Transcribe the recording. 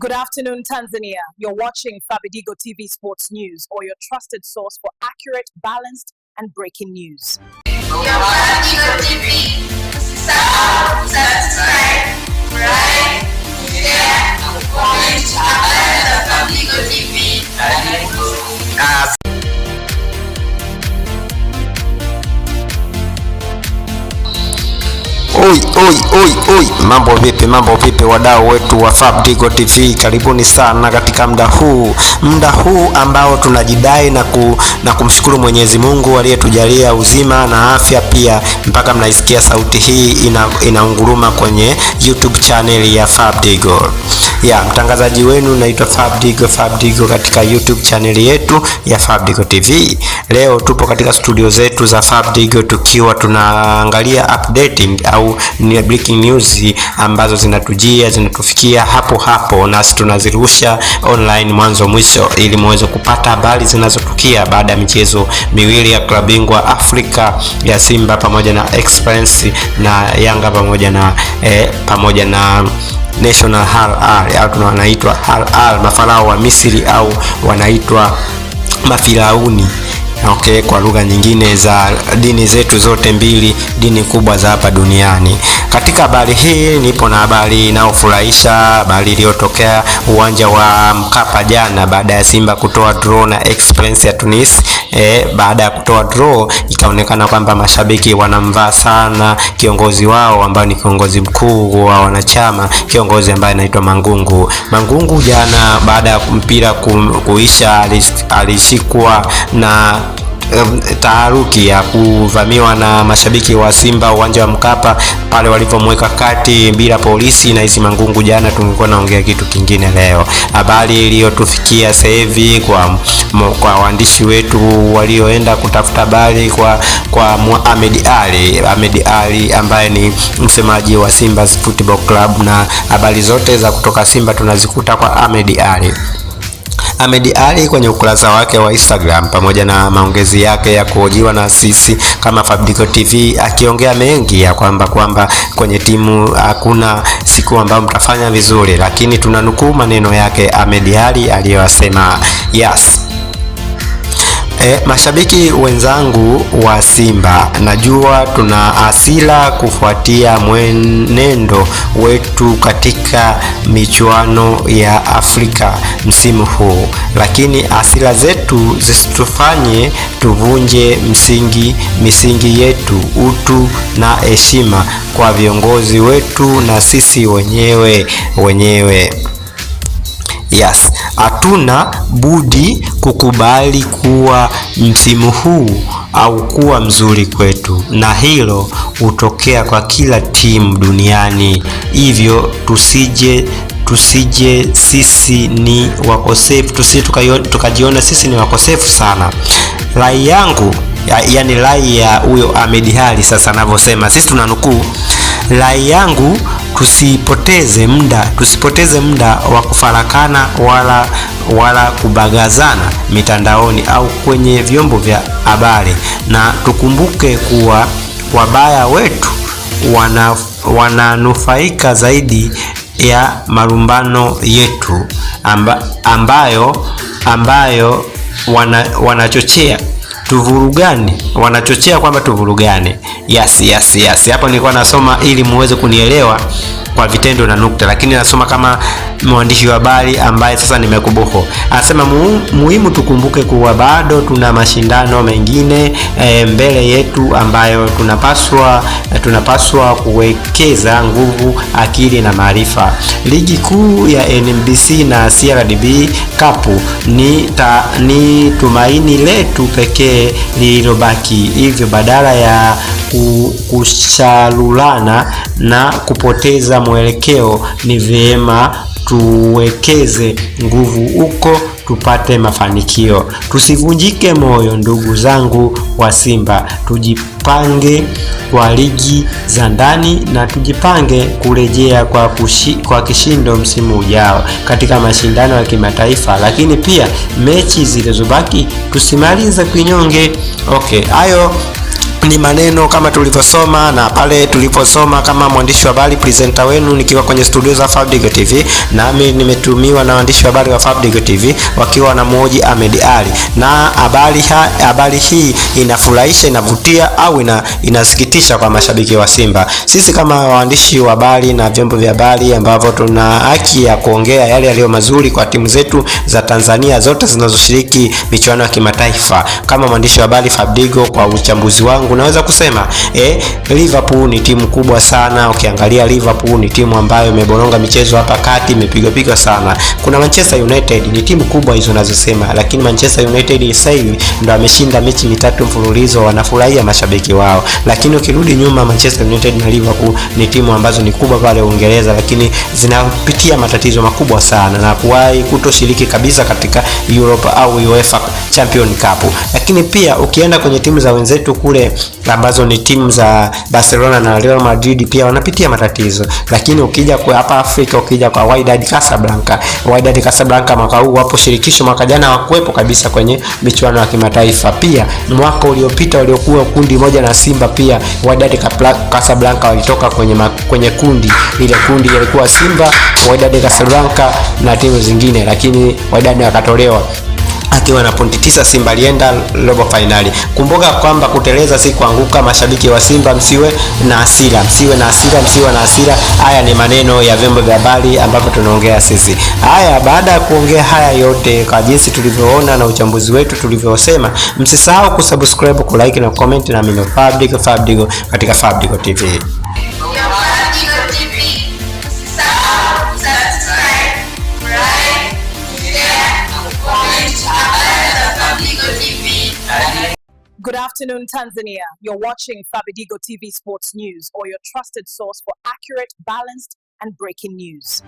Good afternoon, Tanzania. You're watching Fabidigo TV Sports News or your trusted source for accurate, balanced, and breaking news. Fabidigo TV. Subscribe. Oi, oi, oi, oi. Mambo vipi, mambo vipi wadau wetu wa Digo TV, karibuni sana katika mda huu, mda huu ambao tunajidai na, ku, na kumshukuru Mwenyezi Mungu aliyetujalia uzima na afya pia, mpaka mnaisikia sauti hii inaunguruma ina kwenye YouTube channel ya Digo ya mtangazaji wenu naitwa Fabdigo Fabdigo, katika YouTube channel yetu ya Fabdigo TV. Leo tupo katika studio zetu za Fabdigo tukiwa tunaangalia updating au breaking news ambazo zinatujia zinatufikia hapo hapo, nasi tunazirusha online mwanzo mwisho, ili muweze kupata habari zinazotukia baada ya michezo miwili ya klabu bingwa Afrika ya Simba pamoja na Experience na Yanga pamoja na eh, pamoja na National RR au wanaitwa RR mafarao wa Misri au wanaitwa mafirauni. Okay, kwa lugha nyingine za dini zetu zote mbili, dini kubwa za hapa duniani. Katika habari hii nipo na habari inayofurahisha, habari iliyotokea uwanja wa Mkapa jana baada ya Simba kutoa draw na Esperance ya Tunis. E, baada ya kutoa draw ikaonekana kwamba mashabiki wanamvaa sana kiongozi wao ambaye ni kiongozi mkuu wa wanachama, kiongozi ambaye anaitwa Mangungu. Mangungu jana baada ya mpira kuisha alishikwa na taharuki ya kuvamiwa na mashabiki wa Simba uwanja wa Mkapa pale walivyomweka kati bila polisi na hizi Mangungu. Jana tungekuwa naongea kitu kingine leo. Habari iliyotufikia sasa hivi kwa kwa waandishi wetu walioenda kutafuta habari kwa kwa Ahmed Ali, Ahmed Ali ambaye ni msemaji wa Simba Football Club, na habari zote za kutoka Simba tunazikuta kwa Ahmed Ali amediari kwenye ukurasa wake wa Instagram pamoja na maongezi yake ya kuhojiwa na sisi kama Fabidigo TV, akiongea mengi ya kwamba kwamba kwenye timu hakuna siku ambayo mtafanya vizuri, lakini tunanukuu maneno yake amediari aliyoyasema. Yes, E, mashabiki wenzangu wa Simba, najua tuna hasira kufuatia mwenendo wetu katika michuano ya Afrika msimu huu, lakini hasira zetu zisitufanye tuvunje msingi misingi yetu, utu na heshima kwa viongozi wetu na sisi wenyewe wenyewe. Yes, hatuna budi kukubali kuwa msimu huu au kuwa mzuri kwetu, na hilo hutokea kwa kila timu duniani. Hivyo tusije tusije sisi ni wakosefu, tusije tukajiona sisi ni wakosefu sana. Rai yangu ya, yani rai ya huyo Ahmed Ally sasa anavyosema, sisi tunanukuu, rai yangu tusipoteze muda, tusipoteze muda wa kufarakana wala wala kubagazana mitandaoni au kwenye vyombo vya habari, na tukumbuke kuwa wabaya wetu wana wananufaika zaidi ya marumbano yetu amba, ambayo ambayo wana, wanachochea tuvurugane, wanachochea kwamba tuvurugane. Yes, yes, yes. Hapo nilikuwa nasoma ili muweze kunielewa kwa vitendo na nukta, lakini nasoma kama mwandishi wa habari ambaye sasa nimekubuho. Anasema mu, muhimu tukumbuke kuwa bado tuna mashindano mengine e, mbele yetu ambayo tunapaswa tunapaswa kuwekeza nguvu, akili na maarifa. Ligi kuu ya NBC na CRDB Cup ni, ta, ni tumaini letu pekee lililobaki. Hivyo badala ya kushalulana na kupoteza mwelekeo, ni vyema tuwekeze nguvu huko tupate mafanikio. Tusivunjike moyo, ndugu zangu wa Simba, tujipange kwa ligi za ndani na tujipange kurejea kwa, kushi, kwa kishindo msimu ujao katika mashindano ya kimataifa, lakini pia mechi zilizobaki tusimalize kinyonge. Okay, hayo ni maneno kama tulivyosoma na pale tuliposoma, kama mwandishi wa habari presenter wenu nikiwa kwenye studio za Fabidigo TV, nami nimetumiwa na waandishi wa habari wa Fabidigo TV wakiwa na mmoja Ahmed Ali, na habari habari hii inafurahisha, inavutia au ina, inasikitisha kwa mashabiki wa Simba. Sisi kama waandishi wa habari na vyombo vya habari ambavyo tuna haki ya kuongea yale yaliyo mazuri kwa timu zetu za Tanzania zote zinazoshiriki michuano ya kimataifa, kama mwandishi wa habari Fabidigo, kwa uchambuzi wangu yangu naweza kusema eh, Liverpool ni timu kubwa sana. Ukiangalia Liverpool ni timu ambayo imeboronga michezo hapa kati, imepigwa pigwa sana. Kuna Manchester United, ni timu kubwa hizo nazosema, lakini Manchester United sasa hivi ndo ameshinda mechi mitatu mfululizo, wanafurahia mashabiki wao. Lakini ukirudi nyuma, Manchester United na Liverpool ni timu ambazo ni kubwa pale Uingereza, lakini zinapitia matatizo makubwa sana na kuwahi kutoshiriki kabisa katika Europa au UEFA Champions Cup. Lakini pia ukienda kwenye timu za wenzetu kule ambazo ni timu za Barcelona na Real Madrid pia wanapitia matatizo, lakini ukija kwa hapa Afrika, ukija kwa Wydad Casablanca, Wydad Casablanca mwaka huu wapo shirikisho, mwaka jana hawakuwepo kabisa kwenye michuano ya kimataifa. Pia mwaka uliopita waliokuwa kundi moja na Simba, pia Wydad Casablanca walitoka kwenye ma, kwenye kundi ile, kundi ilikuwa Simba, Wydad Casablanca na timu zingine, lakini Wydad wakatolewa akiwa na pointi tisa, Simba alienda robo fainali. Kumbuka kwamba kuteleza si kuanguka. Mashabiki wa Simba msiwe na hasira, msiwe na hasira, msiwe na hasira. Haya ni maneno ya vyombo vya habari ambavyo tunaongea sisi. Haya, baada ya kuongea haya yote kwa jinsi tulivyoona na uchambuzi wetu tulivyosema, msisahau kusubscribe, kulike na comment na mimi Fabidigo, Fabidigo katika Fabidigo TV. Good afternoon, Tanzania. You're watching Fabidigo TV Sports News or your trusted source for accurate, balanced, and breaking news.